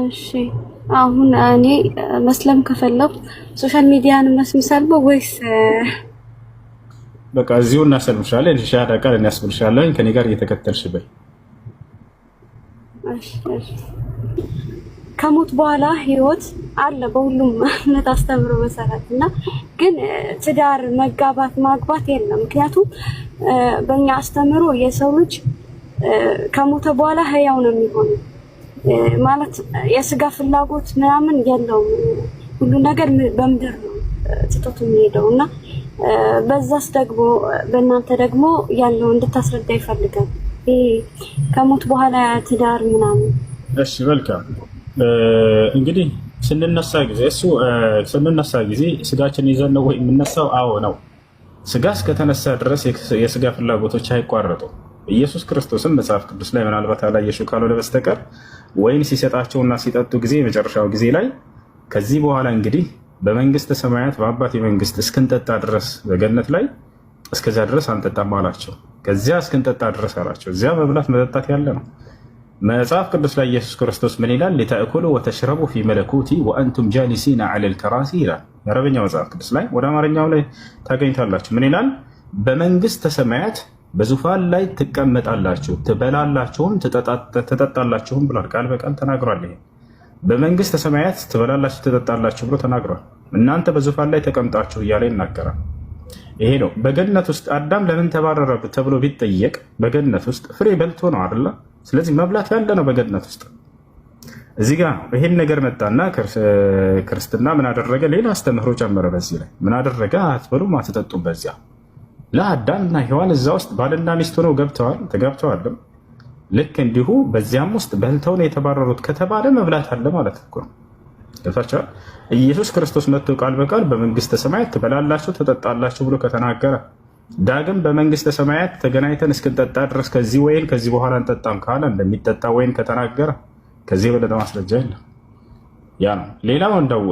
እሺ አሁን እኔ መስለም ከፈለኩ ሶሻል ሚዲያን መስምሰልበው ወይስ በቃ እዚሁ እናሰልምሻለን? እሺ አዳቃል እናስብልሻለን። ከኔ ጋር እየተከተልሽ በይ። ከሞት በኋላ ህይወት አለ በሁሉም እምነት አስተምሮ መሰረት እና ግን ትዳር፣ መጋባት፣ ማግባት የለም። ምክንያቱም በእኛ አስተምሮ የሰው ልጅ ከሞተ በኋላ ህያው ነው የሚሆነው ማለት የስጋ ፍላጎት ምናምን ያለው ሁሉ ነገር በምድር ነው ትቶት የሚሄደው እና በዛስ ደግሞ በእናንተ ደግሞ ያለው እንድታስረዳ ይፈልጋል። ከሞት በኋላ ትዳር ምናምን። እሺ መልካም እንግዲህ ስንነሳ ጊዜ እሱ ስንነሳ ጊዜ ስጋችን ይዘን ነው ወይ የምነሳው? አዎ ነው። ስጋ እስከተነሳ ድረስ የስጋ ፍላጎቶች አይቋረጡም። ኢየሱስ ክርስቶስም መጽሐፍ ቅዱስ ላይ ምናልባት አላየሽው ካልሆነ በስተቀር ወይን ሲሰጣቸውና ሲጠጡ ጊዜ የመጨረሻው ጊዜ ላይ ከዚህ በኋላ እንግዲህ በመንግስተ ሰማያት በአባቴ መንግስት እስክንጠጣ ድረስ በገነት ላይ እስከዚያ ድረስ አንጠጣም አላቸው። ከዚያ እስክንጠጣ ድረስ አላቸው። እዚያ መብላት መጠጣት ያለ ነው። መጽሐፍ ቅዱስ ላይ ኢየሱስ ክርስቶስ ምን ይላል? ሊተእኩሉ ወተሽረቡ ፊ መለኩቲ ወአንቱም ጃሊሲና አለል ከራሲ ይላል። የአረበኛ መጽሐፍ ቅዱስ ላይ ወደ አማርኛው ላይ ታገኝታላችሁ። ምን ይላል? በመንግስተ ሰማያት በዙፋን ላይ ትቀመጣላችሁ፣ ትበላላችሁም ትጠጣላችሁም ብሏል። ቃል በቃል ተናግሯል። ይሄ በመንግስተ ሰማያት ትበላላችሁ ትጠጣላችሁ ብሎ ተናግሯል። እናንተ በዙፋን ላይ ተቀምጣችሁ እያለ ይናገራል። ይሄ ነው። በገነት ውስጥ አዳም ለምን ተባረረ ተብሎ ቢጠየቅ በገነት ውስጥ ፍሬ በልቶ ነው አይደለ? ስለዚህ መብላት ያለ ነው በገነት ውስጥ። እዚህ ጋ ነው ይሄን ነገር መጣና ክርስትና ምን አደረገ? ሌላ አስተምህሮ ጨመረ። በዚህ ላይ ምን አደረገ? አትበሉም አትጠጡም በዚያ ለአዳምና ሔዋን እዛ ውስጥ ባልና ሚስት ሆነው ገብተዋል ተጋብተዋልም። ልክ እንዲሁ በዚያም ውስጥ በልተው ነው የተባረሩት ከተባለ መብላት አለ ማለት እኮ ነው። ኢየሱስ ክርስቶስ መጥቶ ቃል በቃል በመንግስተ ሰማያት ትበላላችሁ ትጠጣላችሁ ብሎ ከተናገረ ዳግም በመንግስተ ሰማያት ተገናኝተን እስክንጠጣ ድረስ ከዚህ ወይን ከዚህ በኋላ እንጠጣም ካለ እንደሚጠጣ ወይን ከተናገረ ከዚህ የበለጠ ማስረጃ የለም። ያ ነው። ሌላው እንደው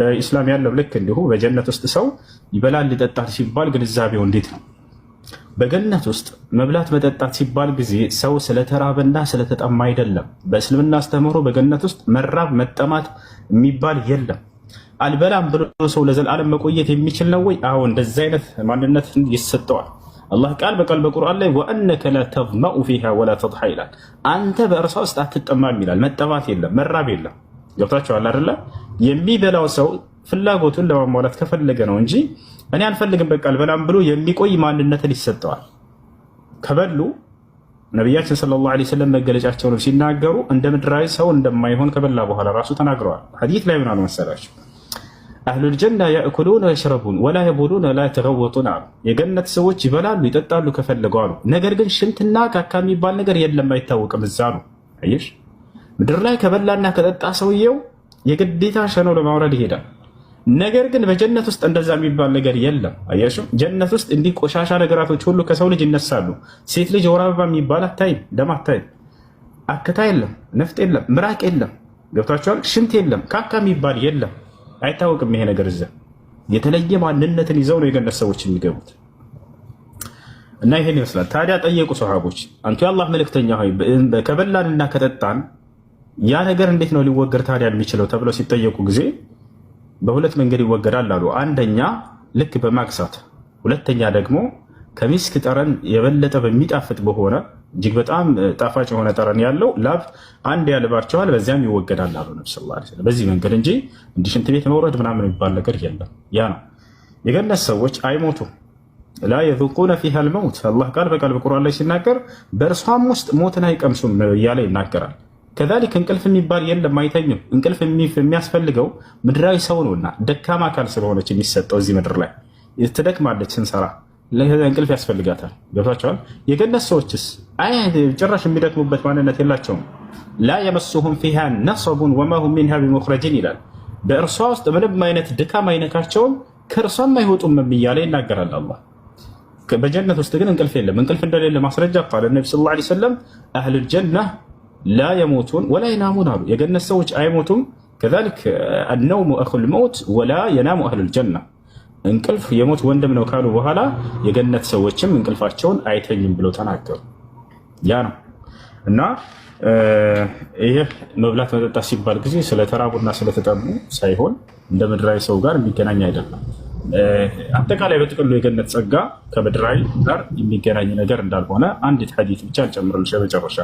በኢስላም ያለው ልክ እንዲሁ በጀነት ውስጥ ሰው ይበላል ይጠጣል ሲባል ግንዛቤው እንዴት ነው? በገነት ውስጥ መብላት መጠጣት ሲባል ጊዜ ሰው ስለተራበና ስለተጠማ አይደለም። በእስልምና አስተምህሮ በገነት ውስጥ መራብ መጠማት የሚባል የለም። አልበላም ብሎ ሰው ለዘላለም መቆየት የሚችል ነው ወይ? አዎ፣ እንደዚ አይነት ማንነት ይሰጠዋል። አላህ ቃል በቃል በቁርአን ላይ ወአነከ ላ ተዝመኡ ፊሃ ወላ ተድሓ ይላል። አንተ በእርሷ ውስጥ አትጠማም ይላል። መጠማት የለም፣ መራብ የለም። ገብታችኋል አይደለ? የሚበላው ሰው ፍላጎቱን ለማሟላት ከፈለገ ነው እንጂ እኔ አልፈልግም በቃ አልበላም ብሎ የሚቆይ ማንነትን ይሰጠዋል። ከበሉ ነቢያችን ሰለላሁ ዐለይሂ ወሰለም ነው ሲናገሩ እንደ ምድራዊ ሰው እንደማይሆን ከበላ በኋላ ራሱ ተናግረዋል። ሐዲት ላይ ምን መሰላቸው አህሉል ጀና ያእኩሉን ወየሽረቡን ወላ የቡሉን ላ የተገወጡን አሉ። የገነት ሰዎች ይበላሉ ይጠጣሉ ከፈለገው አሉ። ነገር ግን ሽንትና ካካ የሚባል ነገር የለም አይታወቅም። እዛ ነው አየሽ ምድር ላይ ከበላና ከጠጣ ሰውየው የግዴታ ሸኖ ለማውረድ ይሄዳል። ነገር ግን በጀነት ውስጥ እንደዛ የሚባል ነገር የለም። አያችሁ፣ ጀነት ውስጥ እንዲህ ቆሻሻ ነገራቶች ሁሉ ከሰው ልጅ ይነሳሉ። ሴት ልጅ ወር አበባ የሚባል አታይም፣ ደም አታይም፣ አክታ የለም፣ ነፍጥ የለም፣ ምራቅ የለም፣ ገብቷቸዋል። ሽንት የለም፣ ካካ የሚባል የለም፣ አይታወቅም። ይሄ ነገር እዚያ የተለየ ማንነትን ይዘው ነው የገነት ሰዎች የሚገቡት። እና ይሄን ይመስላል። ታዲያ ጠየቁ ሰሃቦች፣ አንቱ የአላህ መልእክተኛ ሆይ ከበላንና ከጠጣን ያ ነገር እንዴት ነው ሊወገድ ታዲያ የሚችለው ተብለው ሲጠየቁ ጊዜ በሁለት መንገድ ይወገዳል አሉ። አንደኛ ልክ በማክሳት ሁለተኛ ደግሞ ከሚስክ ጠረን የበለጠ በሚጣፍጥ በሆነ እጅግ በጣም ጣፋጭ የሆነ ጠረን ያለው ላብ አንድ ያልባቸዋል፣ በዚያም ይወገዳል አሉ ነብ ሰለላሁ በዚህ መንገድ እንጂ እንዲህ ሽንት ቤት መውረድ ምናምን የሚባል ነገር የለም። ያ ነው የገነት ሰዎች አይሞቱም። ላ የذቁነ ፊሃ ልመውት አላህ ቃል በቃል በቁርአን ላይ ሲናገር በእርሷም ውስጥ ሞትን አይቀምሱም እያለ ይናገራል። ከዛሊክ እንቅልፍ የሚባል የለም፣ አይተኙም። እንቅልፍ የሚያስፈልገው ምድራዊ ሰው ነውና ደካማ አካል ስለሆነች የሚሰጠው እዚህ ምድር ላይ ትደክማለች ስንሰራ እንቅልፍ ያስፈልጋታል። ገብቷቸዋል። የገነት ሰዎችስ ጭራሽ የሚደክሙበት ማንነት የላቸውም። ላ የመሱሁም ፊሃ ነሰቡን ወማሁም ሚንሃ ቢሙክረጂን ይላል። በእርሷ ውስጥ ምንም አይነት ድካም አይነካቸውም፣ ከእርሷም አይወጡም እያለ ይናገራል አላህ። በጀነት ውስጥ ግን እንቅልፍ የለም። እንቅልፍ እንደሌለ ማስረጃ ቃል ነቢ ስ ላ ሰለም አህልል ጀና ላ የሞቱን ወላ የናሙን አሉ። የገነት ሰዎች አይሞቱም። ከዛልክ አነውሙ አህል መውት ወላ የናሙ አህሉል ጀና እንቅልፍ የሞት ወንድም ነው ካሉ በኋላ የገነት ሰዎችም እንቅልፋቸውን አይተኝም ብለው ተናገሩ። ያ ነው እና ይህ መብላት መጠጣት ሲባል ጊዜ ስለ ተራቡና ስለተጠሙ ሳይሆን እንደ ምድራዊ ሰው ጋር የሚገናኝ አይደለም። አጠቃላይ በጥቅሉ የገነት ጸጋ ከምድራዊ ጋር የሚገናኝ ነገር እንዳልሆነ አንዲት ሐዲት ብቻ እንጨምርልሽ መጨረሻ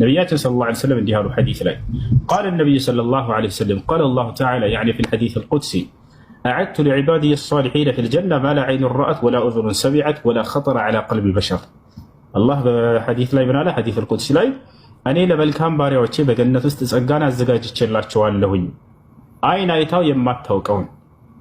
نبياته صلى الله عليه وسلم له حديث لك قال النبي صلى الله عليه وسلم قال الله تعالى يعني في الحديث القدسي أعدت لعبادي الصالحين في الجنة ما لا عين رأت ولا أذن سمعت ولا خطر على قلب بشر الله حديث ላይ ምን አለ ሐዲስ القدس ላይ እኔ ለመልካም ባሪያዎቼ በገነት ውስጥ ጸጋን አዘጋጅቼላቸዋለሁኝ አይን አይታው የማታውቀውን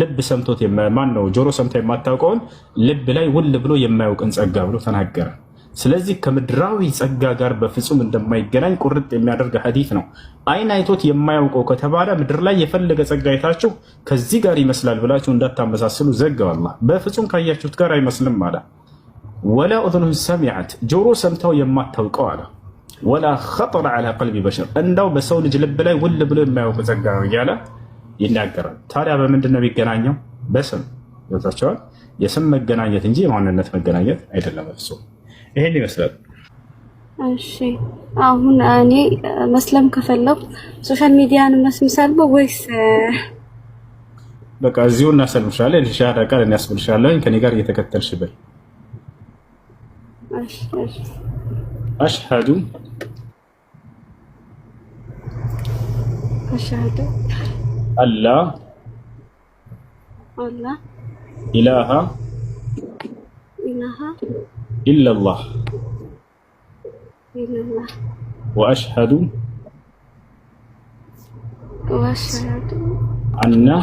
ልብ ሰምቶት ማን ነው ጆሮ ሰምቶ የማታውቀውን ልብ ላይ ውል ብሎ የማያውቅን ጸጋ ብሎ ተናገረ ስለዚህ ከምድራዊ ጸጋ ጋር በፍጹም እንደማይገናኝ ቁርጥ የሚያደርግ ሀዲት ነው። አይን አይቶት የማያውቀው ከተባለ ምድር ላይ የፈለገ ጸጋ አይታችሁ ከዚህ ጋር ይመስላል ብላችሁ እንዳታመሳስሉ። ዘገባላ። በፍጹም ካያችሁት ጋር አይመስልም አለ። ወላ ኡዝኑን ሰሚዐት ጆሮ ሰምተው የማታውቀው አለ። ወላ ኸጠረ ዐላ ቀልቢ በሽር እንዳው በሰው ልጅ ልብ ላይ ውል ብሎ የማያውቅ ጸጋ ነው እያለ ይናገራል። ታዲያ በምንድን ነው የሚገናኘው? በስም ታቸዋል። የስም መገናኘት እንጂ የማንነት መገናኘት አይደለም። ይሄን ይመስላል። እሺ አሁን እኔ መስለም ከፈለኩ ሶሻል ሚዲያን መስምሳለሁ ወይስ በቃ እዚሁ እናሰልምሻለን? ልሻ ቃል እናስብልሻለሁ። ከኔ ጋር እየተከተልሽ በይ። አሽሃዱ አሽሃዱ አላ አላ ኢላሃ ኢላሃ إلا الله إلا الله وأشهد أن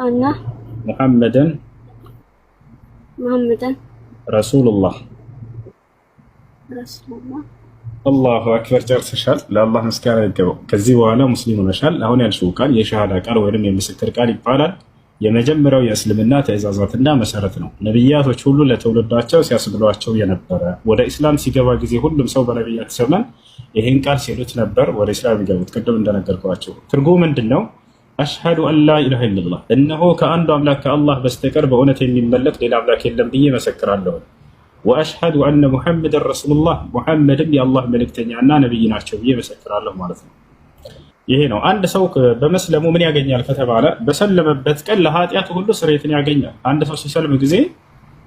أن محمدا محمدا رسول الله رسول الله الله اكبر جرس شال لا الله مسكار الجو كزي مسلم ما شال هون يعني شو كان يشهد قال ويرم يمسك ترقال يبالال የመጀመሪያው የእስልምና ትእዛዛትና መሰረት ነው። ነቢያቶች ሁሉ ለትውልዳቸው ሲያስብሏቸው የነበረ ወደ ኢስላም ሲገባ ጊዜ ሁሉም ሰው በነቢያት ዘመን ይህን ቃል ሲሉት ነበር ወደ ኢስላም ይገቡት። ቅድም እንደነገርኳቸው ትርጉሙ ምንድን ነው? አሽሀዱ አላ ላ ኢላሃ ኢለላህ፣ እነሆ ከአንዱ አምላክ ከአላህ በስተቀር በእውነት የሚመለክ ሌላ አምላክ የለም ብዬ መሰክራለሁ። ወአሽሃዱ አነ ሙሐመድን ረሱሉላህ፣ ሙሐመድም የአላህ መልእክተኛና ነቢይ ናቸው ብዬ መሰክራለሁ ማለት ነው። ይሄ ነው። አንድ ሰው በመስለሙ ምን ያገኛል ከተባለ በሰለመበት ቀን ለኃጢአቱ ሁሉ ስርየትን ያገኛል። አንድ ሰው ሲሰልም ጊዜ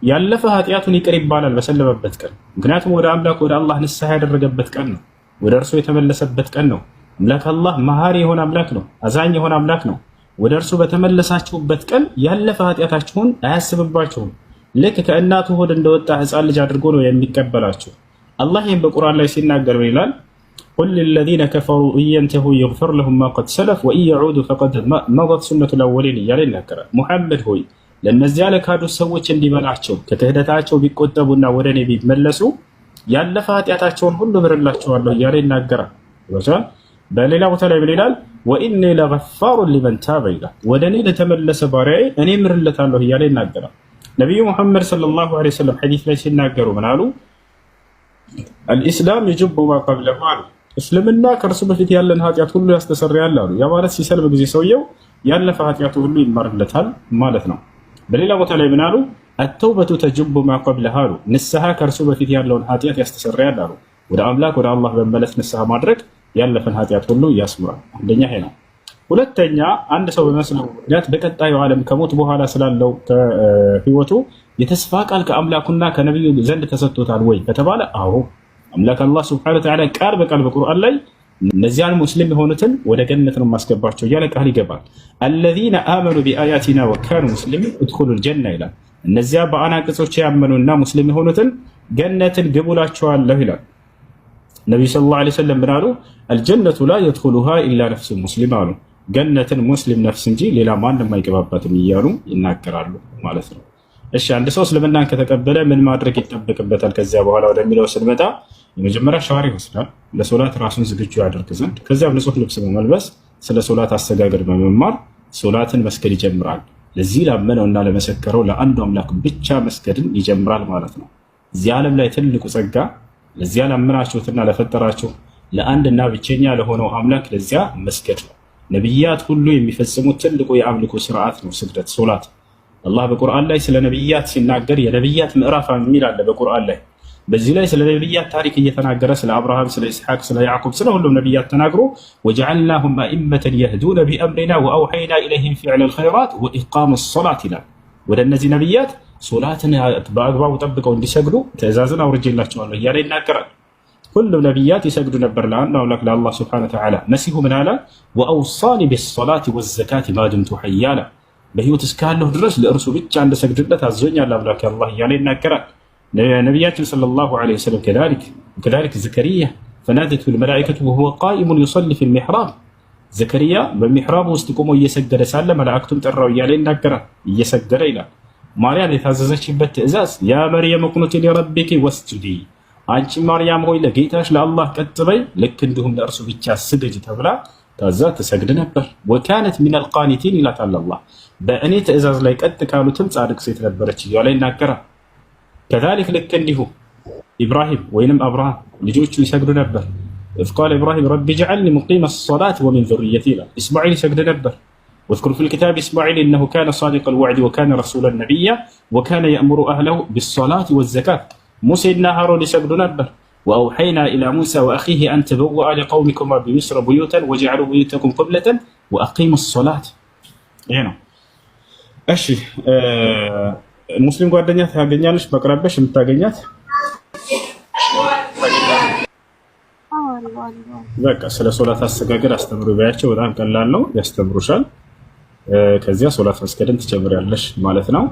ያለፈ ኃጢአቱን ይቅር ይባላል በሰለመበት ቀን። ምክንያቱም ወደ አምላክ ወደ አላህ ንስሐ ያደረገበት ቀን ነው። ወደ እርሱ የተመለሰበት ቀን ነው። አምላክ አላህ መሐሪ የሆነ አምላክ ነው። አዛኝ የሆነ አምላክ ነው። ወደ እርሱ በተመለሳችሁበት ቀን ያለፈ ኃጢአታችሁን አያስብባችሁም። ልክ ከእናቱ ሆድ እንደወጣ ህፃን ልጅ አድርጎ ነው የሚቀበላችሁ። አላህ ይህም በቁርአን ላይ ሲናገር ይላል ቁል ለዚነ ከፈሩ እየንተሁ ይግፈር ለሁም ማ ቀድ ሰለፍ ወኢን የዑዱ ፈቀድ መደት ሱነቱ ለወሊን እያለ ይናገራል። ሙሐመድ ሆይ ለእነዚያ ለካዱ ሰዎች እንዲበላቸው ከክህደታቸው ቢቆጠቡና ወደ እኔ ቢመለሱ ያለፈ ኃጢአታቸውን ሁሉ ብርላቸዋለሁ እያለ ይናገራል። በሌላ ቦታ ላይ ምን ይላል? ወኢኒ ለገፋሩን ሊመን ታበ ይላል። ወደ እኔ ለተመለሰ ባሪያዬ እኔ ምርለታለሁ እያለ ይናገራል። ነቢዩ ሙሐመድ ሰለላሁ ዐለይሂ ወሰለም ሐዲስ ላይ ሲናገሩ ምን አሉ? አልኢስላም የጅቡ ማ አሉ። እስልምና ከእርሱ በፊት ያለን ኃጢአት ሁሉ ያስተሰርያል አሉ። ያ ማለት ሲሰልም ጊዜ ሰውየው ያለፈ ኃጢአቱ ሁሉ ይማርለታል ማለት ነው። በሌላ ቦታ ላይ ምን አሉ? አተውበቱ ተጅቡ ማ ቀብለህ አሉ። ንስሐ ከእርሱ በፊት ያለውን ኃጢአት ያስተሰርያል አሉ። ወደ አምላክ ወደ አላህ በመመለስ ንስሐ ማድረግ ያለፈን ኃጢአት ሁሉ ያስምራል። አንደኛ ሄ ነው። ሁለተኛ አንድ ሰው በመስለው ምክንያት በቀጣዩ ዓለም ከሞት በኋላ ስላለው ህይወቱ የተስፋ ቃል ከአምላኩና ከነቢዩ ዘንድ ተሰጥቶታል ወይ ከተባለ፣ አዎ አምላክ አላህ ስብሐነሁ ወተዓላ ቃል በቃል በቁርአን ላይ እነዚያን ሙስሊም የሆኑትን ወደ ገነት ነው የማስገባቸው እያለ ቃል ይገባል። አለዚነ አመኑ ቢአያቲና ወካኑ ሙስሊሚን እድኹሉል ጀና ይላል። እነዚያ በአናቅጾች ያመኑና ሙስሊም የሆኑትን ገነትን ግቡላቸዋለሁ ይላል። ነቢዩ ሰለላሁ ዓለይሂ ወሰለም ምን አሉ? አልጀነቱ ላ የድኹሉሃ ኢላ ነፍሱ ሙስሊም አሉ። ገነትን ሙስሊም ነፍስ እንጂ ሌላ ማንም አይገባባትም እያሉ ይናገራሉ ማለት ነው። እሺ አንድ ሰው እስልምናን ከተቀበለ ምን ማድረግ ይጠበቅበታል? ከዚያ በኋላ ወደሚለው ስንመጣ የመጀመሪያ ሸዋሪ ይወስዳል፣ ለሶላት ራሱን ዝግጁ ያደርግ ዘንድ። ከዚያም ንጹህ ልብስ በመልበስ ስለ ሶላት አሰጋገድ በመማር ሶላትን መስገድ ይጀምራል። ለዚህ ላመነው እና ለመሰከረው ለአንዱ አምላክ ብቻ መስገድን ይጀምራል ማለት ነው። እዚህ ዓለም ላይ ትልቁ ጸጋ ለዚያ ላመናችሁትና ለፈጠራችሁ ለአንድና ብቸኛ ለሆነው አምላክ ለዚያ መስገድ ነው። ነቢያት ሁሉ የሚፈጽሙት ትልቁ የአምልኮ ስርዓት ነው ስግደት፣ ሶላት። አላህ በቁርአን ላይ ስለ ነቢያት ሲናገር የነቢያት ምዕራፍ የሚል አለ በቁርአን ላይ። በዚህ ላይ ስለ ነቢያት ታሪክ እየተናገረ ስለ አብርሃም፣ ስለ ኢስሐቅ፣ ስለ ያዕቁብ፣ ስለ ሁሉም ነቢያት ተናግሮ ወጀዓልናሁም አኢመተን የህዱነ ቢአምሪና ወአውሐይና ኢለይህም ፊዕለ ልኸይራት ወኢቃመ ሶላት ይላል። ወደ እነዚህ ነቢያት ሶላትን በአግባቡ ጠብቀው እንዲሰግዱ ትእዛዝን አውርጄላቸዋለሁ እያለ ይናገራል። ሁሉም ነቢያት ይሰግዱ ነበር ለአንዱ አምላክ ለአላህ ስብሐነሁ ወተዓላ። መሲሁ ምን አለ? ወአውሳኒ ቢሶላቲ ወዘካቲ ማድምቱ ሐያ አለ። በህይወት እስካለሁ ድረስ ለእርሱ ብቻ እንደሰግድለት አዞኛል አምላክ አላህ እያለ ይናገራል። ነቢያችን ሰለላሁ ዐለይሂ ወሰለም ከዛሊክ ወከዛሊክ ዘከሪያ ፈናደትሁ ልመላኢከቱ ወሁወ ቃኢሙን ዩሰሊ ፊ ልሚሕራብ ዘከሪያ በሚሕራብ ውስጥ ቆሞ እየሰገደ ሳለ መላእክቱም ጠራው እያለ ይናገራል። እየሰገደ ይላል። ማርያም የታዘዘችበት ትእዛዝ ያ መርየም ቁኑቲ ሊረቢኪ ወስጁዲ አንቺ ማርያም ሆይ ለጌታሽ ለአላህ ቀጥ በይ ልክ እንዲሁም ለእርሱ ብቻ ስገጅ ተብላ ታዛ ትሰግድ ነበር። ወካነት ሚነል ቃኒቲን ይላታል አላህ። በእኔ ትእዛዝ ላይ ቀጥ ካሉትም ጻድቅ ሴት ነበረች እያው ላይ ይናገራል። ከዛሊክ ልክ እንዲሁ ኢብራሂም ወይንም አብርሃም ልጆቹ ይሰግዱ ነበር። ኢዝ ቃለ ኢብራሂም ረቢ ጅዐልኒ ሙቂመ ሰላት ወሚን ዙርየቲ ይላል። ኢስማዒል ይሰግድ ነበር። ወዝኩር ፊል ኪታብ ኢስማዒል እነሁ ካነ ሳዲቀል ወዕድ ወካነ ረሱለን ነቢያ ወካነ የእምሩ አህለሁ ቢሰላት ወዘካት ሙሴና ሃሮን ይሰግዱ ነበር። ወአውሐይና ኢላ ሙሳ ወአኺሂ አን ተበወአ ሊቀውሚኩማ ቢሚስረ ቡዩተን ወጅዐሉ ቡዩተኩም ቂብለተን ወአቂሙ ሶላት። ይሄ ነው። እሺ ሙስሊም ጓደኛ ታገኛለች፣ በቅርብሽ የምታገኛት በቃ ስለ ሶላት አሰጋገድ አስተምሩ ባያቸው፣ በጣም ቀላል ነው፣ ያስተምሩሻል። ከዚያ ሶላት መስገድን ትጀምሪያለሽ ማለት ነው።